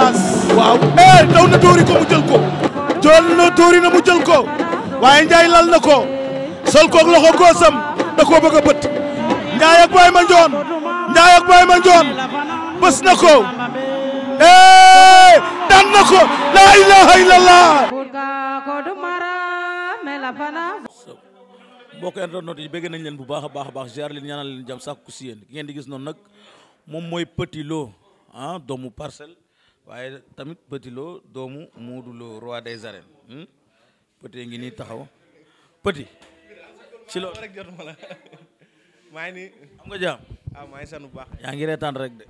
France. Eh, daw na tuuri ko mu jël ko. jël na tuuri na mu jël ko. waaye Ndiaye lal na ko. sol koog loxo góosam da koo bëgg a bët. ak Baye Mandione. Ndiaye bës na ko. eh daan na ko. la ilaha illallah. yi bëgg leen bu baax a baax baax jaar si ngeen di gis noonu nag moom mooy Petit Lo ah, waaye tamit Petit loo doomu Modou Lo roi des arènes hmm? Petit ngi nii taxaw Petit ci loolu rek jotuma la maa ngi nii am nga jaam ah, waaw baax yaa ngi reetaan rek de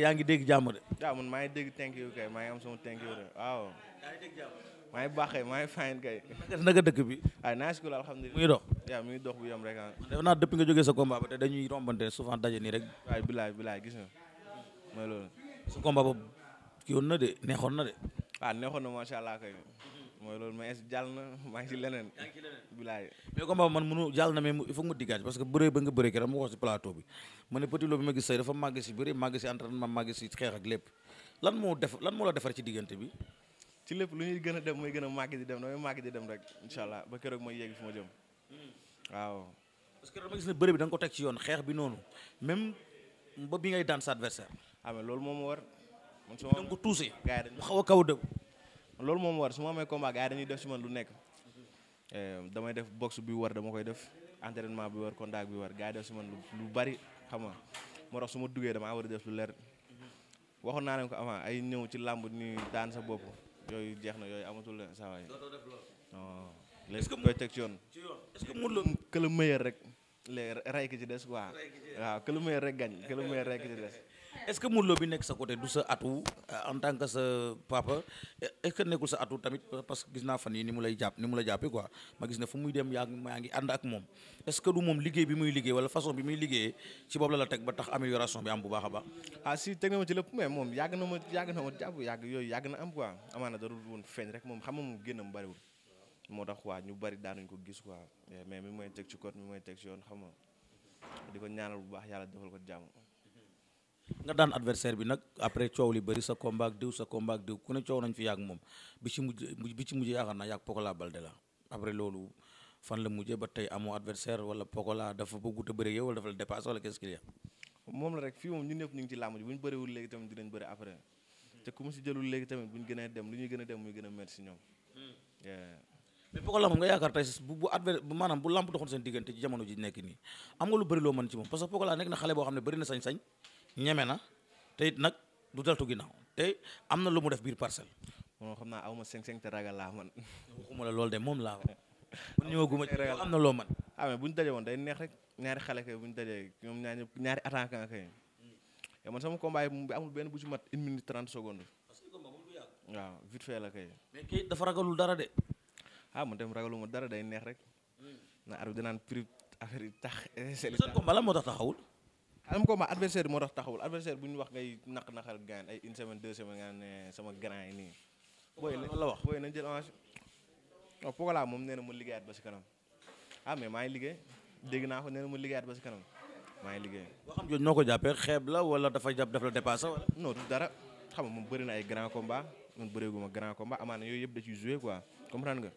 yaa ngi dégg jàmm de waaw ngi dégg thank you kay maa ngi am sama thank you de waaw yaa ngi dégg jàmm maa baax kay maa ngi fine kay dëkk bi ah, naa si ko alhamdulilah muy dox waaw muy dox bu yem rek ah def naa depuis nga jógee sa combat ba te dañuy rombante souvent daje nii rek waaye bilaay bilaay gis nga mooy loolu su combat boobu yoon na de neexoon na de. waaw ah, neexoon na macha allah kay mooy loolu mais jàll na maa ngi ci leneen. bilaay mais combat man mënu jàll na mais il faut que mu diggaat parce que bëree ba nga bëree keroog ma wax ci plateau bi ma ne si bëri màgg si entraînement màgg si xeex moo def lan moo la defar ci diggante bi. ci lépp lu ñuy gën a dem mooy gën màgg di dem damay màgg di dem rek incha allah ba keroog mooy yegg fi ma jëm hmm. waaw. parce que dama gis ne bëri bi da ko teg ci yoon xeex bi noonu même ba bi ngay daan sa adversaire amee ah, loolu moom war man su ma ko xaw a kaw loolu moom war su ma amee combat gars yi dañuy def si man lu nekk eh, damay def box bi war dama koy def entraînement bi war contact bi war gars yi def si man lu bari xam nga moo su ma duggee damaa war a def lu leer waxoon naa ne ko avant ay ñëw ci làmb ni daan sa bopp yooyu jeex na yooyu amatul saa waay non léegi koy teg ci yoon est-ce que mën que le rek léegi rey ki ci des quoi waaw que le meilleur rek gañ que le rek ki des est-ce que Modou Lo bi nekk sa côté du sa atu euh, en tant que sa papa est-ce que nekkul sa atu tamit parce que gis naa fan yi ni mu lay jàpp ni mu la jàppee quoi ma gis ne fu muy dem yaa ngi ngi ànd ak moom est-ce que du bi muy liggéey wala façon bi muy liggéeyee ci boobu la la teg ba tax amélioration bu baax a baax. ah yàgg na ma yàgg na ma jàpp yàgg yooyu yàgg na am quoi amaana darul woon feeñ rek moom xam nga moom génnam bariwul moo tax waa ñu bari daanuñ ko gis quoi mais mi mooy teg ci code mi mooy teg ci yoon xam di ko ñaanal bu baax yàlla defal ko jàmm nga daan adversaire bi nag après coow li bëri sa combat ak diw sa combat diw ku ne coow nañ fi yàgg moom bi ci mujj bi ci mujj yaakaar naa yàgg Pokola Balde la après loolu fan la mujjee ba tey amoo adversaire wala Pokola dafa a bëri yow wala dafa la dépassé wala quest la rek fii moom ñun ñëpp ñu ngi ci làmb ji bu ñu bëriwul léegi tamit ñu gën a dem lu ñuy gën a a métti si ñoom hmm. maanaam bu làmb doxoon seen diggante ci jamono ji nekk nii am nga lu bëri loo mën ci moom parce que nekk na xale boo xam ne bëri na sañ-sañ ñeme na te it nag du deltu ginnaaw te am na lu mu def biir parcelle. moo xam naa aw ma cinq cinq te ragal laa man. waxuma la loolu de moom laa wax. ñëwaguma ci am na loo man ah bu ñu daje woon day neex rek ñaari xale kay bu ñu dajee ñoom ñaari ñaari attaquant kay. te man sama combat bi amul benn bu ci mat une minute trente secondes. waaw vite fait la kay. dafa ragalul dara de. ah man dem ragaluma dara day neex rek. Hmm. na arbitre dinaan prix affaire yi tax. seen combat la moo tax taxawul. xam ko ma adversaire moo tax taxawul adversaire bu ñu wax ngay naq naqal gaan ay une semaine deux semaines nga ne sama grand yi nii. booy la wax booy nañ jël avance. non moom nee na mu liggéeyaat ba si kanam ah maa ngi liggéey dégg naa ko nee na mu ba si kanam maa ngi liggéey. boo xam jooju noo ko jàppee la wala dafa jàpp daf la dépassé wala. dara xam na ay grand combat man bëreeguma grand combat amaana yooyu yëpp da ciy joué quoi comprendre nga.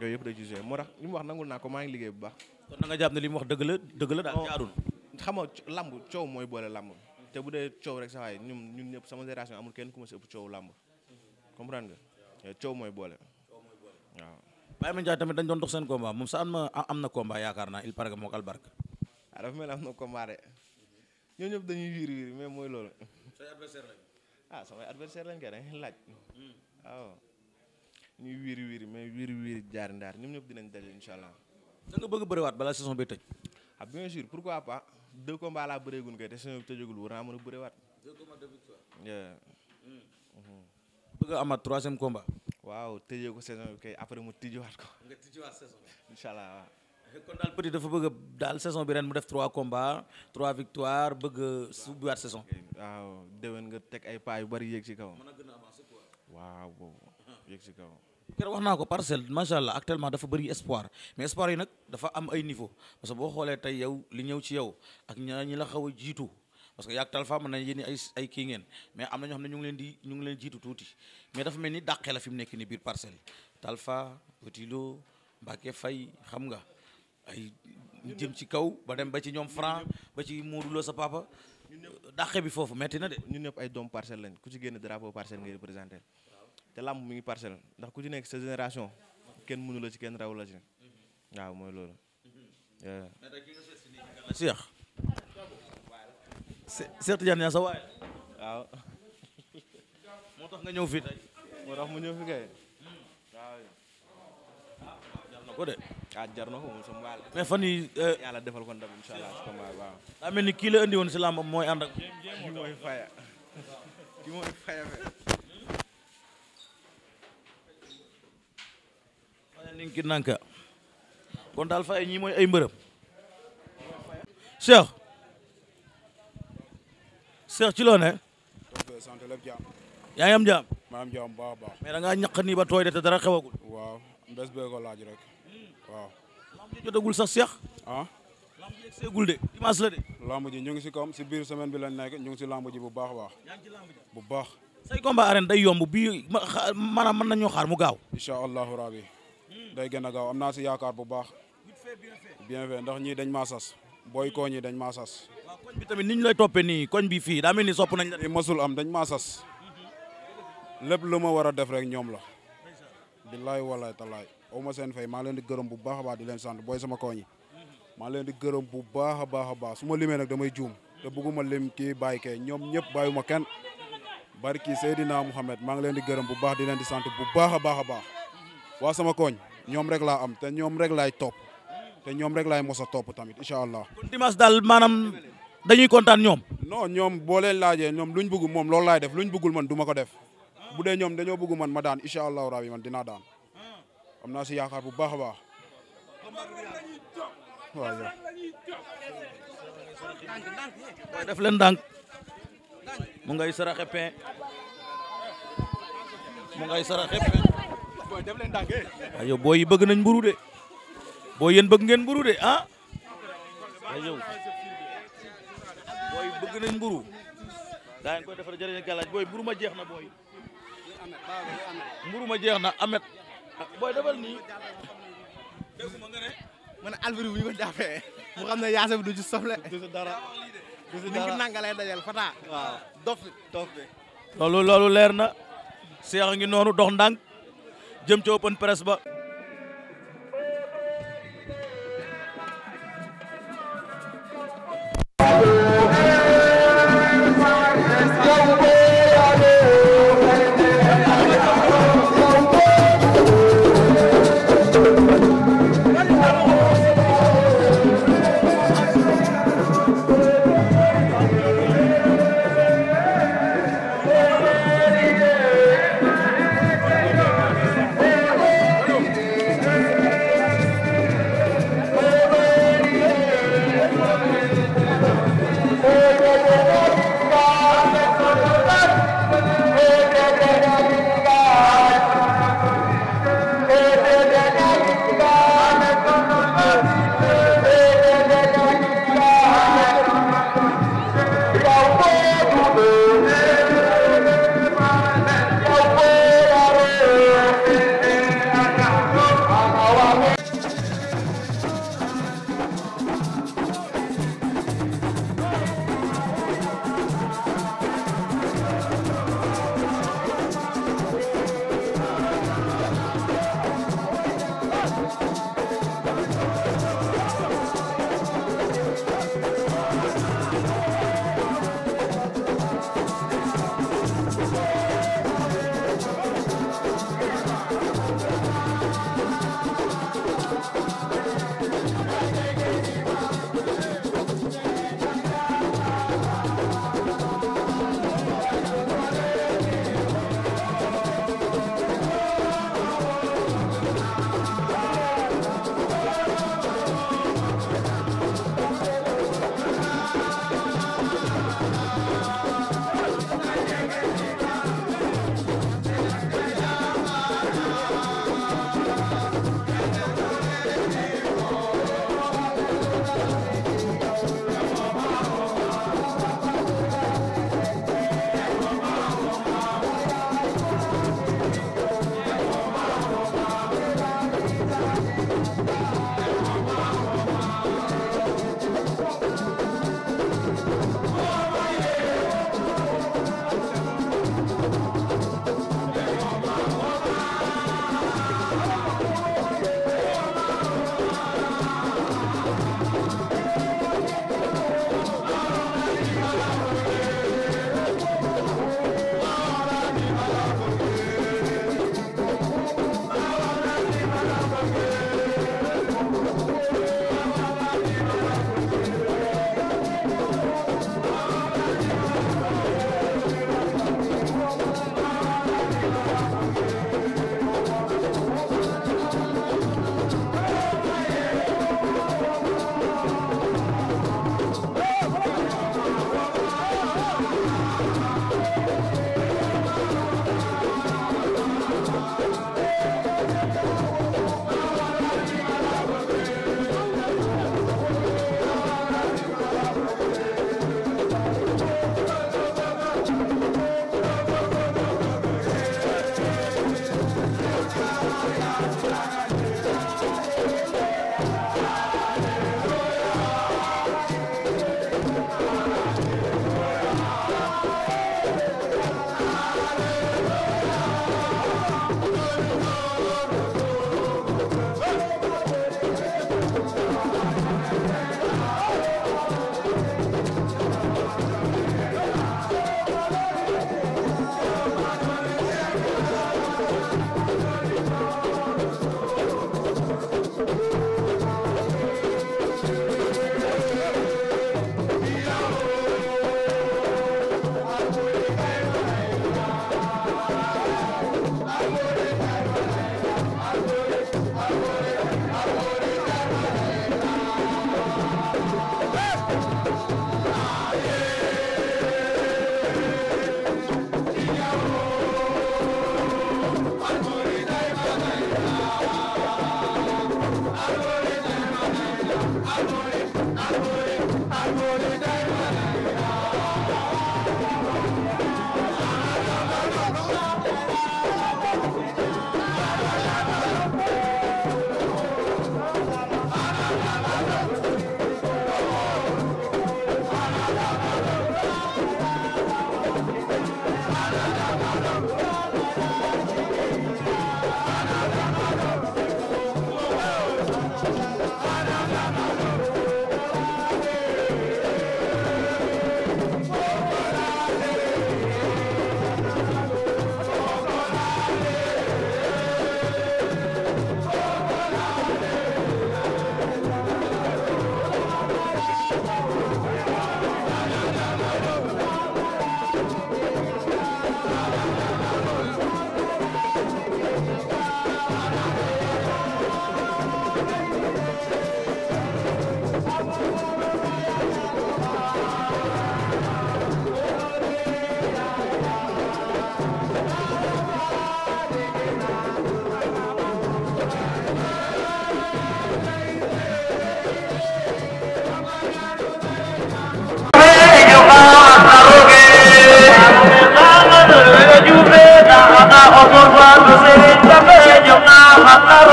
yooyu yëpp da ciy joué moo tax li mu wax nangul naa ko maa ngi liggéey bu baax. kon na nga jàpp ne li mu wax dëgg la dëgg la daal jaarul xam nga lamb coow mooy boole lamb te bu dee coow rek sa waay ñun ñun ñëpp sama génération amul kenn ku ma si ëpp coow lamb comprendre nga coow mooy boole waaw. Baye Mandiaye tamit dañ doon dox seen combat moom sa am na am na combat yaakaar naa il paraît que moo ah, ñoo ñëpp dañuy wiir mais mooy loolu. say adversaire lañ. ah samay adversaire lañ kay dañuy hmm. mais wiir wiir jaar ndaar ñoom ñëpp dinañ daje incha allah. da nga bëgg tëj. Ah, bien sûr pourquoi pas. deux combats laa bëreegun kay te saison bi tëjagul war naa mën a bëreewaat. deux combats deux victoires. Hmm. Mm-hmm. bëgg a amaat troisième waaw tëjee ko saison bi kay après mu tijjiwaat ko. nga allah kon daal Petit dafa bëgg daal saison bi ren mu def trois combats trois victoires bëgg a subiwaat saison. waaw nga teg ay pas yu bari yéeg ci kaw. mën a gën a avancer quoi. waaw boobu yéeg ci kaw. kër wax naa ko parcelle macha allah actuellement dafa bëri espoir mais espoir yi nag dafa am ay niveau parce que boo xoolee tey yow li ñëw ci yow ak ña ñi la xaw a jiitu parce que yàgg Talfa mën na yéen ay ay kii ngeen mais am na ñoo xam ne ñu ngi leen ngi leen jiitu tuuti mais dafa mel ni dàqee la fi mu nekk ni biir parcelle Talfa Otilo Mbacke Faye xam nga ay jëm ci kaw ba dem ba ci ñoom franc ba ci Modou Lo sa papa dàqe bi foofu metti na de. ñun ñëpp ay doom parcelle lañ ku ci génn drapeau parcelle ngay te làmb mu ngi parcelle ndax ku ci nekk sa génération kenn mënu la ci kenn raw la ci mhm. waaw mooy loolu. Cheikh. Cheikh Tidiane Niass waaye. waaw. moo tax nga ñëw fii mu ñëw fi mhm. waaw. Ah, jar ko ah, jar na ko moom sama waay la. mais fan yii. Euh, defal ko ndam incha allah ci ni kii la andi woon si làmb mooy ànd ak. kii mooy faya. kii mooy faya. ninki nanka kon daal faye ñi mooy ay mbërëm Cheikh Cheikh ci loo ne yaa ngi am jaam maa am jaam baax baax mais da ñaq nii ba tooy de te dara xewagul waaw mbes bee laaj rek waaw jotagul sax Cheikh ah lamb ji seegul de dimanche la de lamb si kam si biir semaine bi la nekk ñu ngi si lamb ji bu baax baax yaa bu baax say combat arène day yomb bii maanaam mën nañoo xaar mu gaaw incha allahu rabi day gën a gaaw am naa si yaakaar bu baax bien fait ndox ñii dañ maa sas booy koo ñi dañ maa sas. bi tamit ni ñu lay toppee nii koñ bi fii daa mel ni sopp nañ la. masul am dañ maa sas lépp lu ma war a def rek ñoom la. billaay walaay talaay aw ma seen fay maa leen di gërëm bu baax a baax di leen sant booy sama kooñi maa leen di gërëm bu baax a baax a baax su ma limee nag damay juum te bëgguma lim kii bàyyi kee ñoom ñëpp bàyyiwuma kenn seydi naa Mouhamed maa ngi leen di gërëm bu baax di leen di sant bu baax a baax a baax waa sama kooñ ñoom rek laa am te ñoom rek laay topp te ñoom rek laay mos a topp tamit incha allah. kon daal maanaam dañuy kontaan ñoom. non ñoom boo leen laajee ñoom luñ bëgg moom loolu laay def luñ bëggul man du ma ko def bu dee ñoom dañoo bëgg man ma daan incha allahu rabi man dinaa daan am naa si yaakaar bu baax a baax. leen ndànk mu ngay saraxe ayo booy yi bëgg nañ mburu de booy bëgg ngeen mburu de ah ayo booy bëgg nañ mburu daa ngi koy defar jërëjëf mburu ma jeex na booy mburu ma jeex na amet booy defal nii dégguma nga ne ma ne Alboury bu ñu ko jàppee mu xam ne yaasa bi du ci soble du ci dara du fata waaw dof leer na seex ngi noonu dox ndànk jëm ci open press ba